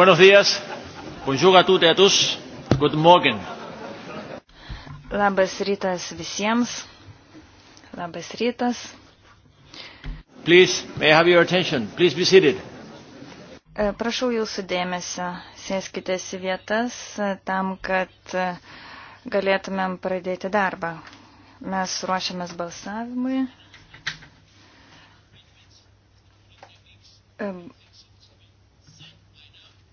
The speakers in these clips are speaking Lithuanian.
Buenos días. Bonjour à toutes et à tous. Good morning. Labas rytas visiems. Labas rytas. Please, may I have your attention? Please be seated. E, prašau jūsų dėmesio. Sėskite į vietas e, tam, kad e, galėtumėm pradėti darbą. Mes ruošiamės balsavimui.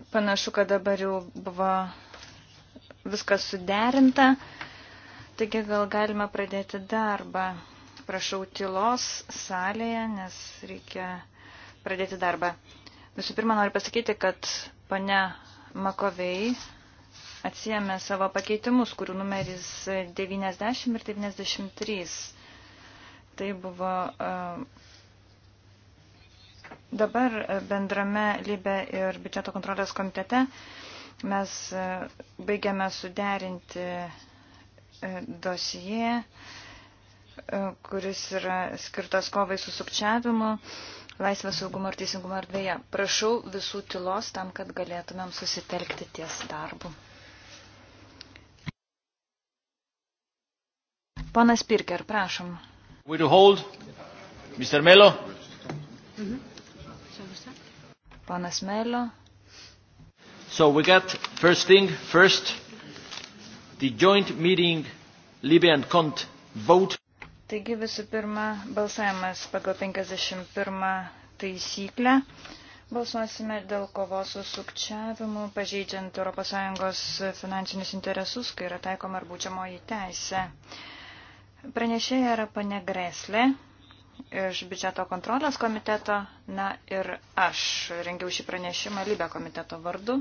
Panašu, kad dabar jau buvo viskas suderinta, taigi gal galima pradėti darbą. Prašau tylos salėje, nes reikia pradėti darbą. Visų pirma, noriu pasakyti, kad pane Makovei atsijėmė savo pakeitimus, kurių numeris 90 ir 93. Tai buvo uh, Dabar e, bendrame Libe ir biudžeto kontrolės komitete mes e, baigiame suderinti e, dosiją kuris yra skirtas kovai su sukčiavimu, laisvės saugumo ir teisingumo erdvėje. Prašau visų tylos tam, kad galėtumėm susitelkti ties darbu. Ponas Pirker, prašom. Mr. Melo. Mhm. Panas Melio. So we got first thing first, the joint meeting Libya and Cont vote. Taigi visų pirma balsavimas pagal 51 taisyklę. Balsuosime dėl kovos su sukčiavimu, pažeidžiant ES finansinius interesus, kai yra taikoma ar būčiamoji teisė. Pranešėja yra pane Greslė iš biudžeto kontrolės komiteto, na ir aš rengiau šį pranešimą Libė komiteto vardu.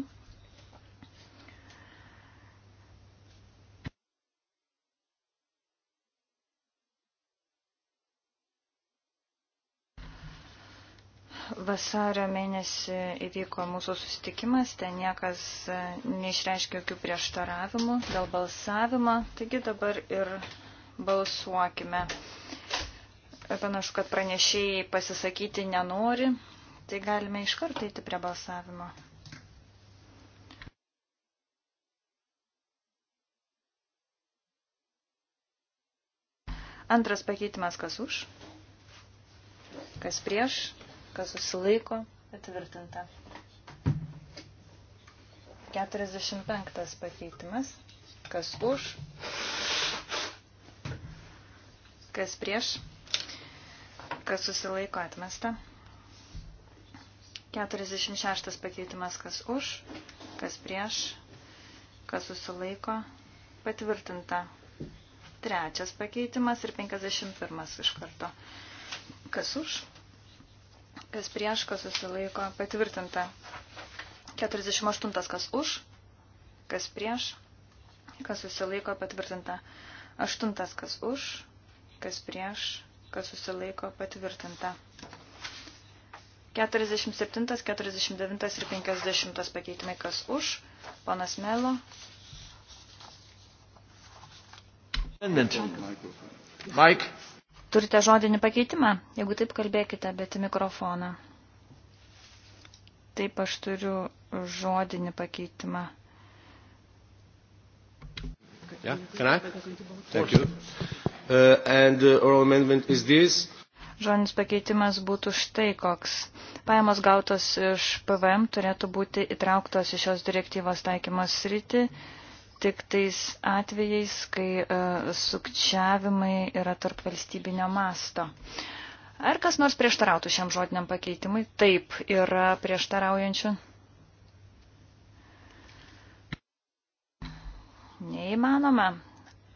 Vasario mėnesį įvyko mūsų susitikimas, ten niekas e, neišreiškė jokių prieštaravimų dėl balsavimo, taigi dabar ir balsuokime. Panašu, kad pranešėjai pasisakyti nenori, tai galime iš karto eiti prie balsavimo. Antras pakeitimas kas už, kas prieš, kas susilaiko, atvirtinta. 45 pakeitimas, kas už, kas prieš, kas susilaiko atmesta. 46 pakeitimas, kas už, kas prieš, kas susilaiko, patvirtinta. Trečias pakeitimas ir 51 iš karto. Kas už, kas prieš, kas susilaiko, patvirtinta. 48 kas už, kas prieš, kas susilaiko, patvirtinta. 8 kas už, kas prieš, kas susilaiko patvirtinta. 47, 49 ir 50 pakeitimai kas už. Ponas Melo. Mike. Turite žodinį pakeitimą? Jeigu taip, kalbėkite, bet į mikrofoną. Taip, aš turiu žodinį pakeitimą. Yeah, can I? Thank you uh, and the uh, oral amendment is this. Žodinis pakeitimas būtų štai koks. Pajamos gautos iš PVM turėtų būti įtrauktos į šios direktyvos taikymos sritį tik tais atvejais, kai uh, sukčiavimai yra tarp valstybinio masto. Ar kas nors prieštarautų šiam žodiniam pakeitimui? Taip, yra prieštaraujančių. Neįmanoma.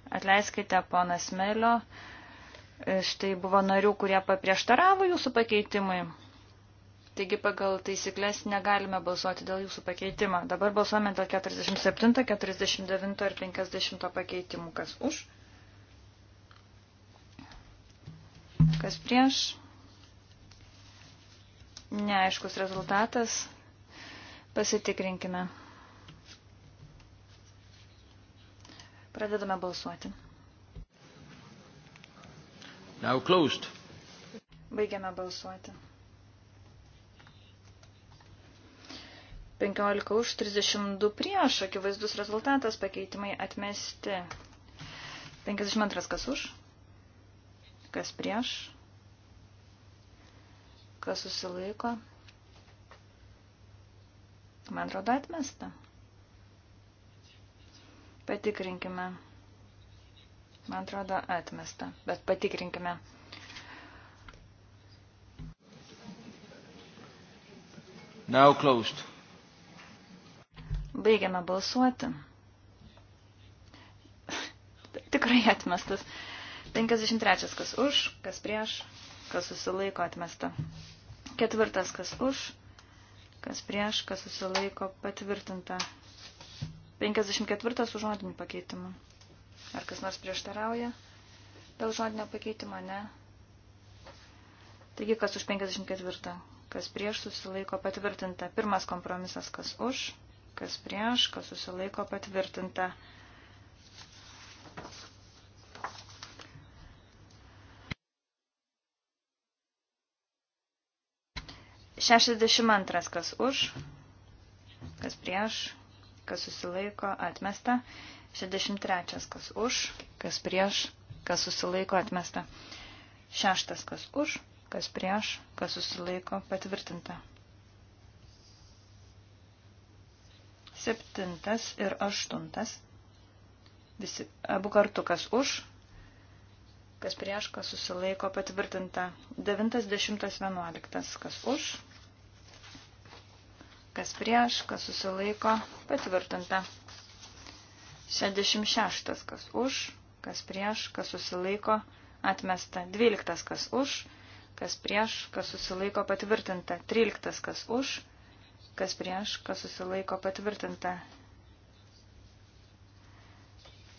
Atleiskite, ponas Melio, e, štai buvo narių, kurie paprieštaravo jūsų pakeitimui. Taigi pagal taisyklės negalime balsuoti dėl jūsų pakeitimo. Dabar balsuojame dėl 47, 49 ir 50 pakeitimų. Kas už? Kas prieš? Neaiškus rezultatas. Pasitikrinkime. Pradedame balsuoti. Now closed. Baigiame balsuoti. 15 už 32 prieš, akivaizdus rezultatas, pakeitimai atmesti. 52 kas už, kas prieš, kas susilaiko. Man atrodo atmesta. Patikrinkime. Man atrodo, atmesta, bet patikrinkime. Now closed. Baigiame balsuoti. Tikrai atmestas. 53. kas už, kas prieš, kas susilaiko atmesta. Ketvirtas kas už, kas prieš, kas susilaiko patvirtinta. 54 su žodiniu pakeitimu. Ar kas nors prieštarauja? Dėl žodinio pakeitimo ne. Taigi, kas už 54? Kas prieš susilaiko patvirtinta? Pirmas kompromisas, kas už, kas prieš, kas susilaiko patvirtinta. Šešiasdešimt antras, kas už, kas prieš, kas susilaiko atmesta, 63 kas už, kas prieš, kas susilaiko atmesta, 6 kas už, kas prieš, kas susilaiko patvirtinta. Septintas ir aštuntas. Visi, abu kartu kas už, kas prieš, kas susilaiko patvirtinta. Devintas, dešimtas, vienuoliktas, kas už, kas prieš, kas susilaiko, patvirtinta. 66, kas už, kas prieš, kas susilaiko, atmesta. 12, kas už, kas prieš, kas susilaiko, patvirtinta. 13, kas už, kas prieš, kas susilaiko, patvirtinta.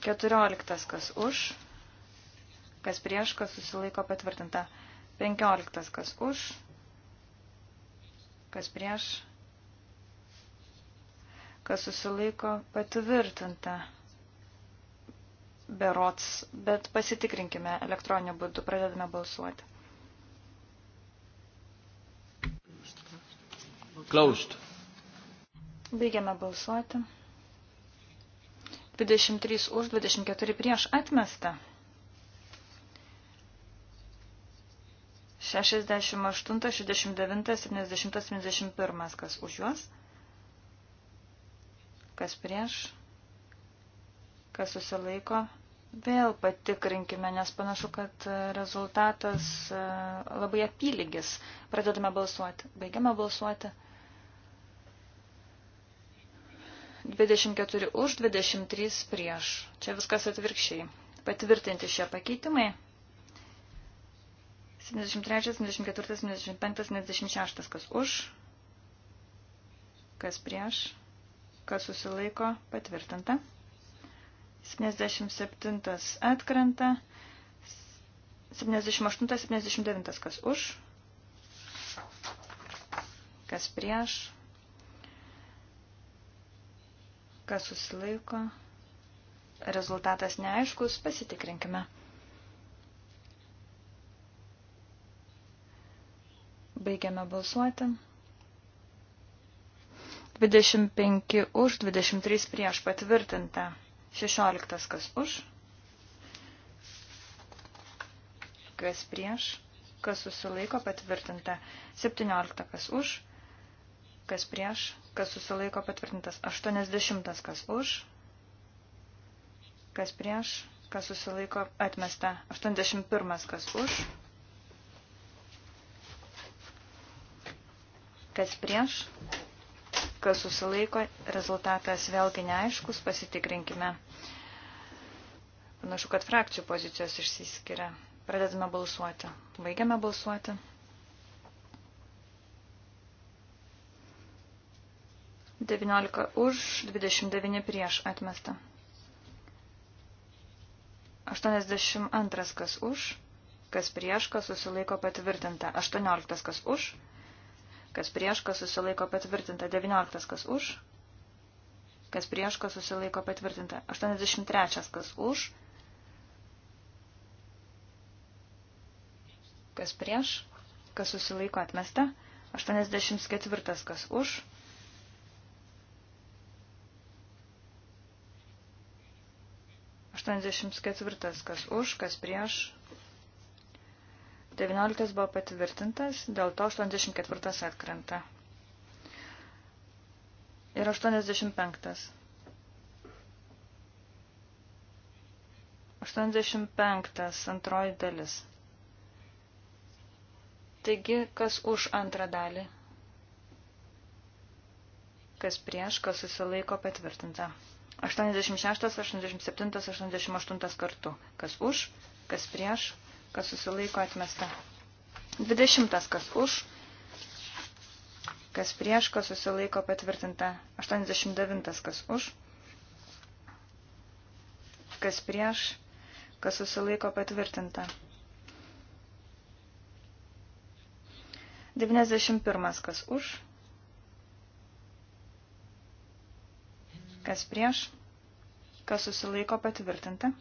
14, kas už, kas prieš, kas susilaiko, patvirtinta. 15, kas už, kas prieš, kas susilaiko patvirtinta berots, bet pasitikrinkime elektroniniu būdu, pradedame balsuoti. Closed. Baigiame balsuoti. 23 už, 24 prieš atmesta. 68, 69, 70, 71, kas už juos? kas prieš, kas susilaiko. Vėl patikrinkime, nes panašu, kad e, rezultatas e, labai apylygis. Pradedame balsuoti. Baigiame balsuoti. 24 už, 23 prieš. Čia viskas atvirkščiai. Patvirtinti šie pakeitimai. 73, 74, 75, 76. Kas už, kas prieš kas susilaiko patvirtinta. 77 atkrenta. 78-79 kas už, kas prieš, kas susilaiko. Rezultatas neaiškus, pasitikrinkime. Baigiame balsuoti. 25 už, 23 prieš patvirtinta. 16 kas už. Kas prieš. Kas susilaiko patvirtinta. 17 kas už. Kas prieš. Kas susilaiko patvirtintas. 80 kas už. Kas prieš. Kas susilaiko atmesta. 81 kas už. Kas prieš kas susilaiko, rezultatas vėlgi neaiškus, pasitikrinkime. Panašu, kad frakcijų pozicijos išsiskiria. Pradedame balsuoti. Baigiame balsuoti. Devyniolika už, dvidešimt devyni prieš atmesta. Aštuoniasdešimt antras kas už, kas prieš, kas susilaiko patvirtinta. Aštuonioliktas kas už, kas prieš, kas susilaiko patvirtinta, 19, kas už, kas prieš, kas susilaiko patvirtinta, 83, kas už, kas prieš, kas susilaiko atmesta, 84, kas už, Aštuoniasdešimt ketvirtas, kas už, kas prieš, 19 buvo patvirtintas, dėl to 84 atkrenta. Ir 85. 85 antroji dalis. Taigi, kas už antrą dalį? Kas prieš, kas susilaiko patvirtinta. 86, 87, 88 kartu. Kas už, kas prieš, kas susilaiko atmesta. 20. kas už, kas prieš, kas susilaiko patvirtinta. 89. kas už, kas prieš, kas susilaiko patvirtinta. 91. kas už, kas prieš, kas susilaiko patvirtinta.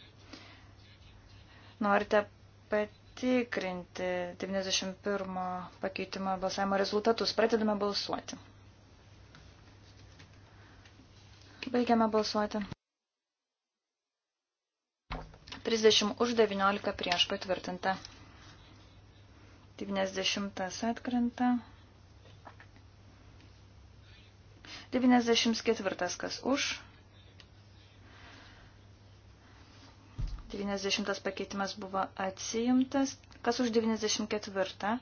Norite patikrinti 91 pakeitimo balsavimo rezultatus. Pradedame balsuoti. Baigiame balsuoti. 30 už 19 prieš patvirtinta. 90 atkrenta. 94 kas už 90 pakeitimas buvo atsiimtas. Kas už 94?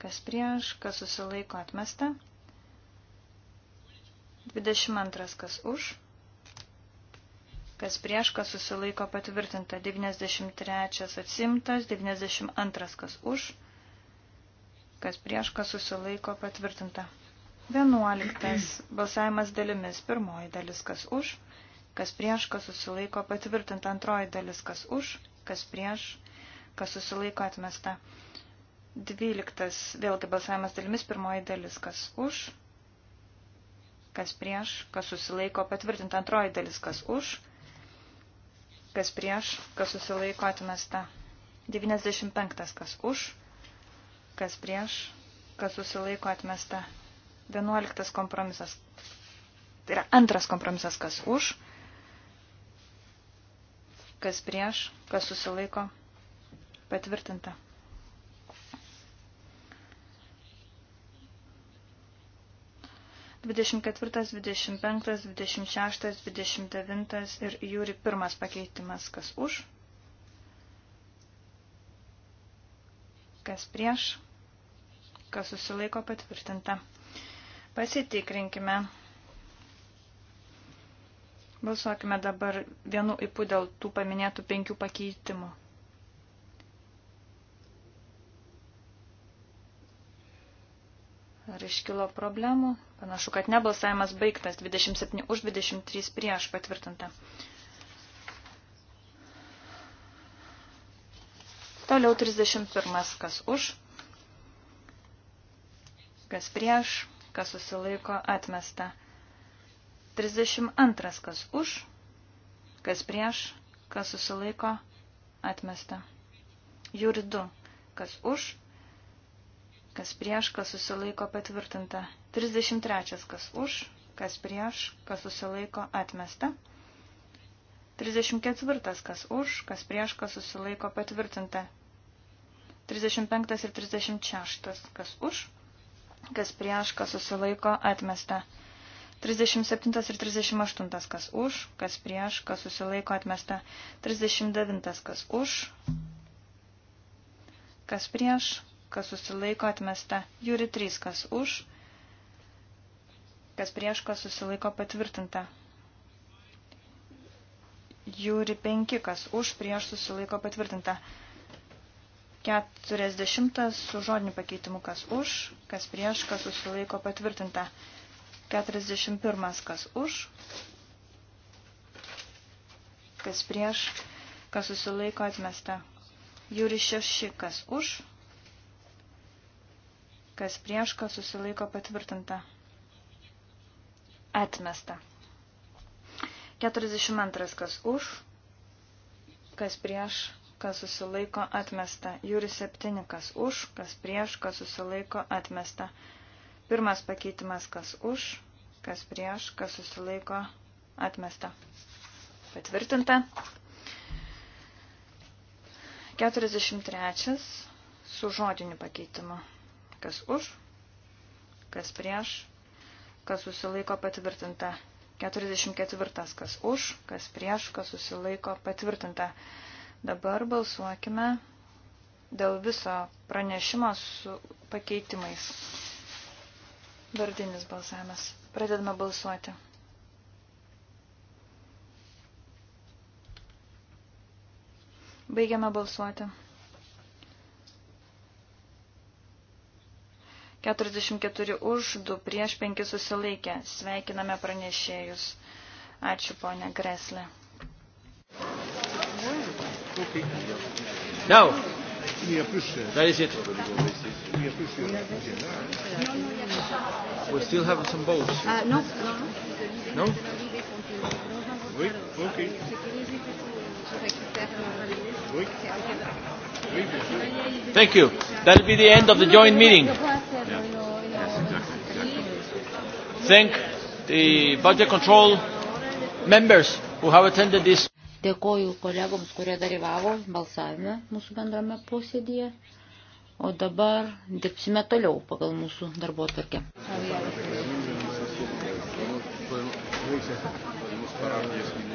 Kas prieš? Kas susilaiko atmesta? 22. Kas už? Kas prieš? Kas susilaiko patvirtinta? 93. Atsimtas. 92. Kas už? Kas prieš? Kas susilaiko patvirtinta? 11. Balsavimas dalimis. Pirmoji dalis. Kas už? Kas už? kas prieš, kas susilaiko patvirtinta antroji dalis, kas už, kas prieš, kas susilaiko atmesta. Dvyliktas, vėlgi balsavimas dalimis, pirmoji dalis, kas už, kas prieš, kas susilaiko patvirtinta antroji dalis, kas už, kas prieš, kas susilaiko atmesta. 95, kas už, kas prieš, kas susilaiko atmesta. 11 kompromisas. Tai yra antras kompromisas, kas už, kas prieš, kas susilaiko, patvirtinta. Dvidešimt ketvirtas, dvidešimt penktas, dvidešimt šeštas, dvidešimt devintas ir jūri pirmas pakeitimas, kas už, kas prieš, kas susilaiko patvirtinta. Pasitikrinkime. Balsuokime dabar vienu ipu dėl tų paminėtų penkių pakeitimų. Ar iškilo problemų? Panašu, kad nebalsavimas baigtas 27 už 23 prieš patvirtinta. Toliau 31. Kas už? Kas prieš? Kas susilaiko? Atmesta. 32. Kas už, kas prieš, kas susilaiko, atmesta. Jūri 2. Kas už, kas prieš, kas susilaiko, patvirtinta. 33. Kas už, kas prieš, kas susilaiko, atmesta. 34. Kas už, kas prieš, kas susilaiko, patvirtinta. 35 ir 36. Kas už, kas prieš, kas susilaiko, atmesta. 37 ir 38 kas už, kas prieš, kas susilaiko atmesta. 39 kas už, kas prieš, kas susilaiko atmesta. Jūri 3 kas už, kas prieš, kas susilaiko patvirtinta. Jūri 5 kas už, prieš susilaiko patvirtinta. 40 su žodiniu pakeitimu kas už, kas prieš, kas susilaiko patvirtinta. 41. Kas už, kas prieš, kas susilaiko atmesta. Jūri 6. Kas už, kas prieš, kas susilaiko patvirtinta. Atmesta. 42. Kas už, kas prieš, kas susilaiko atmesta. Jūri septyni, kas už, kas prieš, kas susilaiko atmesta. Pirmas pakeitimas, kas už, kas prieš, kas susilaiko, atmesta. Patvirtinta. 43 su žodiniu pakeitimu. Kas už, kas prieš, kas susilaiko patvirtinta. 44. Kas už, kas prieš, kas susilaiko patvirtinta. Dabar balsuokime dėl viso pranešimo su pakeitimais. Vardinis balsavimas. Pradedame balsuoti. Baigiame balsuoti. 44 už, 2 prieš, 5 susilaikę. Sveikiname pranešėjus. Ačiū, ponė Greslė. No. Mia Pusher. Daar is het. Mia Pusher. We still have some votes. Uh, no. No? Oui, ok. Oui. Thank you. That will be the end of the joint meeting. Yeah. Yes, exactly. exactly. Thank the budget control members who have attended this. Dėkoju kolegoms, kurie dalyvavo balsavime mūsų bendrame posėdėje. O dabar dirbsime toliau pagal mūsų darbo atvarkę. Podemos parar 10 minutos.